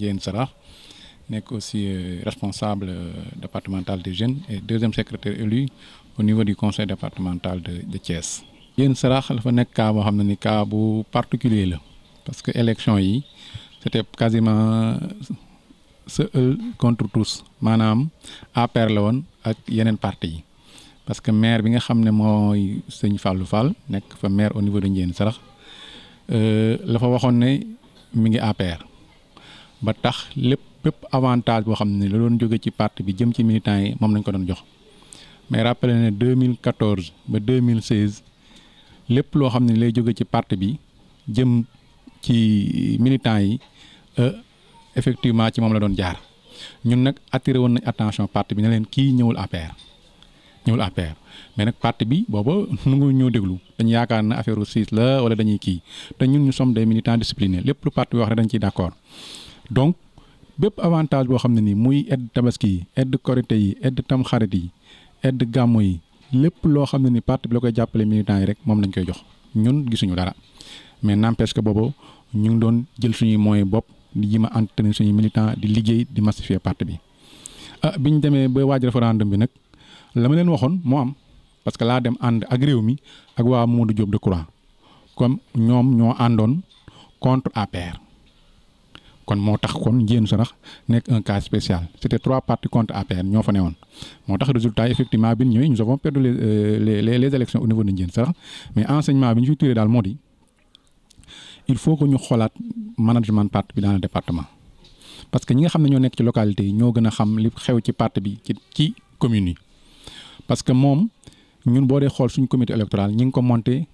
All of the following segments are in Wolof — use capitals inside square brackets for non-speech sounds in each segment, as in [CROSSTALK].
Ndiène Sarah nekk aussi euh, responsable euh, départemental des jeunes et deuxième secrétaire élu au niveau du conseil départemental de de Thiès. Ndiène Sarah dafa nekk cas boo xam ne ni cas bu particulier la parce que élection yi c'était quasiment seul contre tous maanaam APR la woon ak yeneen parti yi. parce que maire bi nga xam ne mooy sëñ Fallou Fall nekk fa maire au niveau de Ndiène Sarax euh, la fa waxoon ne mu ngi APR ba tax lépp bépp avantage boo xam ne ni la doon jóge ci parti bi jëm ci militant yi moom lañ ko doon jox mais rappelé ne 2014 ba 2016 lépp loo xam ne lay jóge ci parti bi jëm ci militant yi euh, effectivement ci moom la doon jaar ñun nag attiré woon nañ attention parti bi ne leen kii ñëwul APR ñëwul APR mais nag parti bi booba [LAUGHS] nangu ñoo déglu dañu yaakaar na affaire u siis la wala dañuy kii te ñun ñu sommes des militants disciplinés lépp lu parti bi wax rek dañ ciy d'accord donc bépp avantage boo xam ne nii muy aide tabaski yi aide korité yi aide tamxarit yi aide gàmmo yi lépp loo xam ne ni parti bi la koy jàppale militant yi rek moom lañ koy jox ñun gisuñu dara mais n'empêche que boobu ñu ngi doon jël suñuy moyens bopp di jima entretenir suñuy militant di liggéey di massifier parti bi ah bi ñu demee ba waaj référendum bi nag la ma leen waxoon moo am parce que laa dem ànd ak réew mi ak waa Modou Diop Decroix comme ñoom ñoo àndoon contre APR. kon moo tax kon Ndiéyène Sirakh nekk un cas spécial c'était trois partis contre APR ñoo fa newoon moo tax résultat effectivement bi ñu ñëwee nous avons perdu les euh, les les bi ñu fi tiré daal moo di il faut que ñu xoolaat management parti bi dans le parce que ñi nga xam ne ñoo nekk ci localité yi ñoo gën a xam li xew ci parti bi ci ci commune yi parce que moom ñun boo dee xool suñu comité électoral ñi ngi ko monté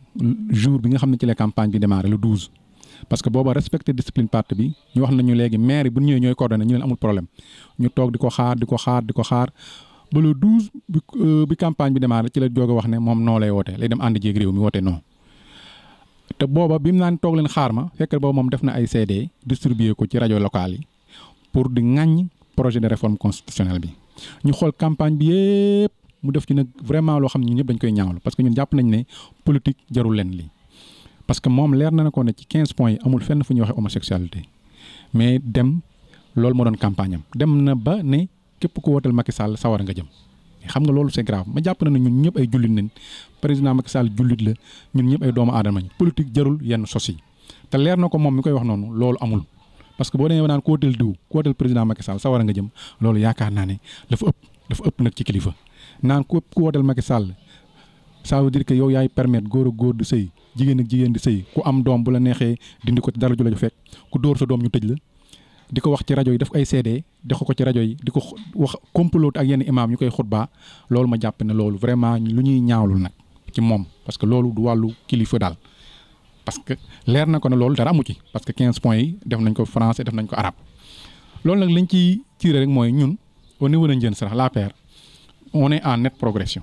jour bi nga xam ne ci la campagne bi démarré le 12. parce que booba respecté discipline parti bi ñu wax nañu léegi maire bu ñëwee ñooy coordonné ñu leen amul problème ñu toog di ko xaar di ko xaar di ko xaar ba le 12 bi euh, bi campagne bi démarré ci la jóge wax ne moom noo lay woote lay dem ànd jéeg réew mi woote non te booba bi mu naan toog leen xaar ma fekk booba moom def na ay CD distribué ko ci rajo locale yi pour di ŋaññ projet de réforme constitutionnelle bi ñu xool campagne bi yëpp mu def ci nag vraiment loo xam ne ñun koy ñaawlu parce que ñun jàpp nañ ne politique jarul leen lii parce que moom leer na ne ko ne ci 15 points yi amul fenn fu ñuy waxee homosexualité mais dem loolu moo doon campagne dem na ba ne képp ku wooteel Macky Sall sawar nga jëm xam nga loolu c'est grave ma jàpp na ne ñun ñëpp ay jullit nañ président Macky Sall jullit la ñun ñëpp ay doomu aadama ñu politique jarul yenn sos yi te leer na ko moom mi koy wax noonu loolu amul. parce que boo demee ba naan kóotal diw kóotal président Macky Sall sawar nga jëm loolu yaakaar naa ne dafa ëpp dafa ëpp nag ci kilifa naan ku ku wooteel Macky Sall ça veut que yow yaay permettre góor ak góor du sëy jigéen ak jigéen di sëy ku am doom bu la neexee dindi ko dara ju la ju fekk ku dóor sa doom ñu tëj la di ko wax ci rajo yi daf ay seede def ko ci rajo yi di ko wax complot ak yenn imaam ñu koy xutba loolu ma jàpp ne loolu vraiment lu ñuy ñaawlu nag ci moom parce que loolu du wàllu kilifa daal parce que leer na ko ne loolu dara amu ci parce que 15 points yi def nañ ko français def nañ ko arab loolu nag lañ ciy tiire rek mooy ñun au niveau de Ndiène Sirah l'APR on est en nette progression.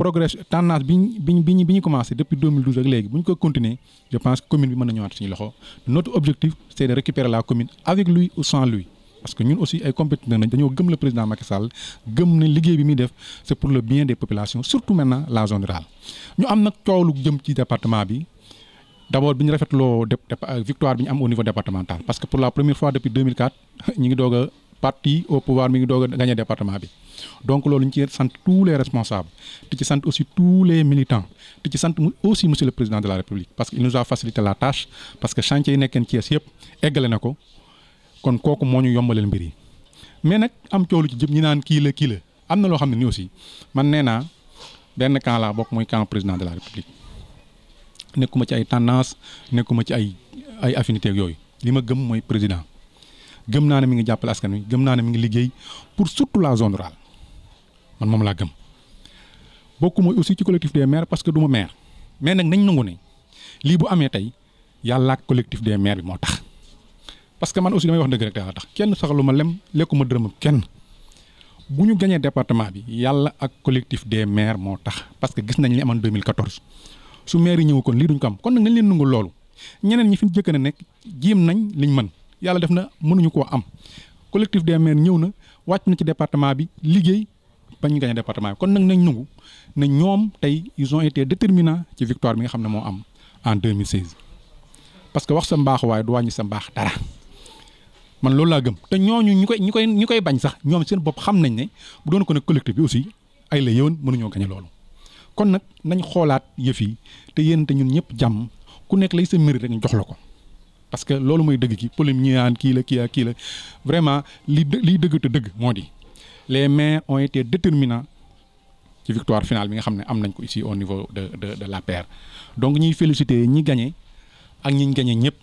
progression tendance bi ñu bi ñu bi ñu commencé depuis ak léegi bu ñu ko continuer je pense que bi mën na ñëwaat suñu loxo notre objectif c' de récupérer la commune avec lui ou sans lui parce que ñun aussi ay compétiteurs nañ dañoo gëm le président Macky gëm ne liggéey bi muy def c' pour le bien des populations surtout maintenant la zone rurale ñu am nag coow lu jëm ci département bi. d' abord bi ñu rafetloo victoire bi ñu am au niveau [LAUGHS] ñu ngi doog parti au pouvoir mi ngi doog a gagné département bi donc loolu ñu ci sant tous les responsables di ci sant aussi tous les militants di ci sant aussi monsieur le président de la république parce que il nous facilité la tâche parce que chantier yi nekkeen Thiès yëpp eggale na ko kon kooku moo ñu yombalal mbir yi mais nag am coolu ci jëm ñi naan kii la kii la am na loo xam ne ni aussi man nee naa benn camp laa bokk muy camp président de la république nekkuma ci ay tendance nekkuma ci ay ay affinités yooyu li ma gëm mooy président gëm naa ne mi ngi jàppale askan wi gëm naa ne mi ngi liggéey pour surtout la zone rurale man moom laa gëm bokku mooy aussi ci collectif des maires parce que du ma maire mais nag nañ nangu ne lii bu amee tey yàlla ak collectif des maires bi moo tax. parce que man aussi damay wax dëgg rek yàlla tax kenn soxalu ma lem lekkuma dërëm kenn bu ñu gañee departement bi yàlla ak collectif de maire moo tax parce que gis nañ li amoon 2014 su maire yi ñëw kon lii duñ ko am kon nag nañ leen nangu loolu ñeneen ñi fi jëkk a nekk jéem nañ liñ mën. yàlla def na mënuñu koo am collectif de maires ñëw na wàcc na ci département bi liggéey bañ ñu gagné département bi kon nag nañ nangu ne ñoom tey ils ont été déterminants ci victoire bi nga xam ne moo am en 2016. parce que wax sa mbaax waaye du wàññi sa mbaax dara man loolu laa gëm te ñooñu ñu koy ñu koy ñu koy bañ sax ñoom seen bopp xam nañ ne bu doon ko ne collectif bi aussi ay la yëwan mënuñoo gagné loolu. kon nag nañ xoolaat yëf yi te yéen te ñun ñëpp jàmm ku nekk lay sa mérite rek ñu jox la ko. parce que loolu mooy dëgg ki polémique ñi naan kii la kii la kii la vraiment li liy dëgg te dëgg moo di les maires ont été déterminants ci victoire finale bi nga xam ne am nañ ko ici au niveau de de de l'APR donc ñuy féliciter ñi gagné ak ñi ñu gagné ñëpp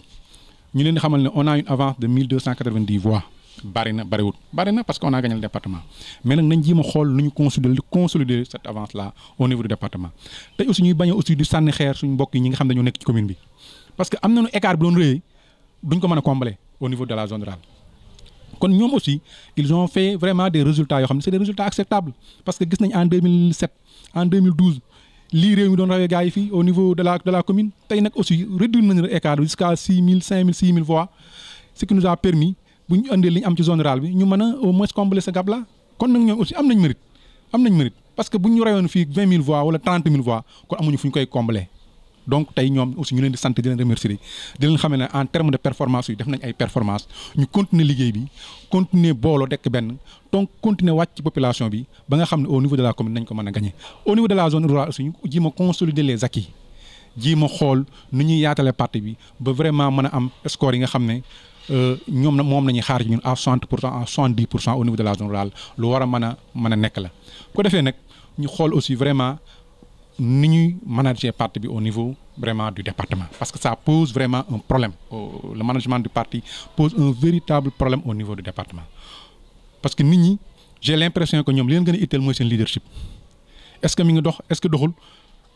ñu leen xamal ne on a une avance de 1290 voix bari na bariwut bari na parce que on a gagné le département mais nag nañ ji xool nu ñu consolider consolider cette avance là au niveau du département tey aussi ñuy bañ aussi nga xam ne dañoo nekk ci que am duñ ko mën a combler au niveau de la zone rurale kon ñoom aussi ils ont fait vraiment des résultats yoo xam ne c'est des résultats acceptables parce que gis nañ en lii réew mi doon rawee gars yi fii au niveau de la commune tey nag aussi réduire nañu écart bi jusqu'à 6 000 5 000 6 000 voix ce qui nous a permis bu ñu andee li am ci zone rurale bi ñu mën a au moins combler ce gap kon nag ñoom aussi am nañ mérite am nañ mérite parce que bu ñu rayoon donc tey ñoom aussi ñu leen di sant di leen remercier di leen xam ne en terme de performance yi def nañ ay performance ñu continuer liggéey bi continuer booloo dekk benn donc continuer wàcc population bi ba nga xam ne au niveau de la commune nañ ko mën a gagner au niveau de la zone rurale aussi ñu ji ma consolider les acquis ji ma xool nu ñuy yaatale parti bi ba vraiment mën a am score yi nga xam ne euh, ñoom na moom nañu xaar ci ñun à 60 pour cent à 70 pour cent au niveau de la zone rurale lu war a mën a mën nekk la defee nag xool aussi vraiment ni ñuy manager parti bi au niveau vraiment du département parce que ça pose vraiment un problème le management du parti pose un véritable problème au niveau du département parce que nit ñi j'ai l'impression que ñoom li leen gën a itteel mooy seen leadership est-ce que mi ngi dox est-ce que doxul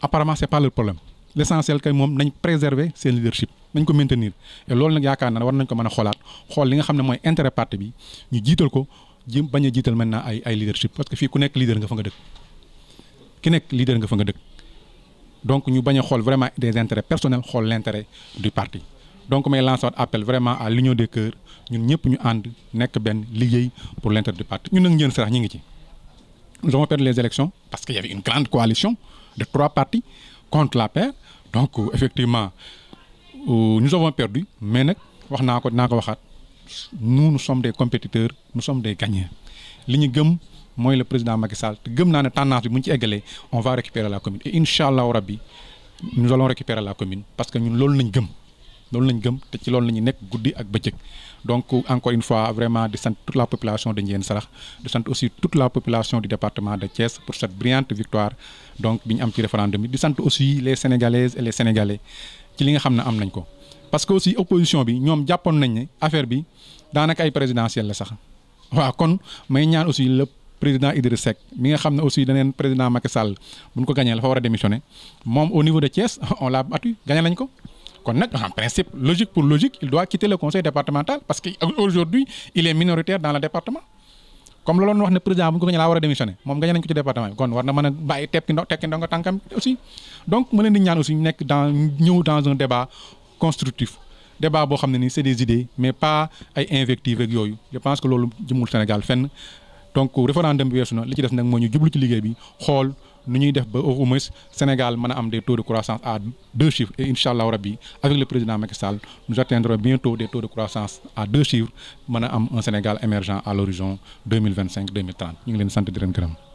apparemment c'est pas problème l'essentiel kay moom nañ préserver seen leadership nañ ko maintenir loolu nag yaakaar naa war nañ ko mën a xoolaat xool li nga xam ne mooy intérêt parti bi ñu jiital ko jëm bañ a jiital maintenant ay ay leadership parce que fii ku nekk leader nga fa nga dëkk ki nekk leader nga fa nga dëkk donc ñu bañ a xool vraiment des intérêts personnels xool l'intérêt du parti donc may lancer waat appel vraiment à l'union des cœurs ñun ñëpp ñu ànd nekk benn liggéey pour l'intérêt du parti ñun nag njëriñ sarax ñu ngi ci. nous avons perdu les élections parce qu'il y avait une grande coalition de trois partis contre la paire donc euh, effectivement euh, soo avons perdu mais nag wax naa ko naa ko waxaat nous nous sommes des compétiteurs nous sommes des gagnants li ñu gëm. mooy le président Macky te gëm naa ne tendance bi bu ñu ci eggalee on va la commune et incha rabbi nous allons récupérer la commune parce que ñun loolu lañ gëm loolu lañ gëm te ci loolu la ñu nekk guddi ak bëccëg donc encore une fois vraiment di sant toute la population de Ndiéyène Sarax di sant aussi toute la population du département de Thiès pour cette brillante victoire donc bi ñu am ci référendum bi di sant aussi les sénégalaises et les sénégalais li nga xam ne am nañ ko. parce que aussi opposition bi ñoom jàppoon nañ ne affaire bi daanaka ay présidentielle la sax président Idriss Seck mi nga xam ne aussi daneen président Macky Sall bu ñu ko gagné fa war a démissionné moom au niveau de Thiès [LAUGHS] on l'a battu gagné nañ ko. kon nag en principe logique pour logique il doit quitter le conseil départemental parce que aujourd'hui il est minoritaire dans le département. comme loolu wax ne président bu ñu ko gagné laa war a démissionné moom gagné nañ ko ci département bi kon war na mën a bàyyi tekki ndo tekki tànkam xam ne nii c'est des idées yooyu je que loolu jëmul Sénégal donc référendum bi weesu na li ci def nag moo ñu jublu ci liggéey bi xool nu ñuy def ba au moins Sénégal mën a am des taux de croissance à deux chiffres et incha allahu rabbi avec le président Macky Sall nous atteindrons bientôt des taux de croissance à deux chiffres mën a am un Sénégal émergent à l'horizon ñu ngi leen sant di leen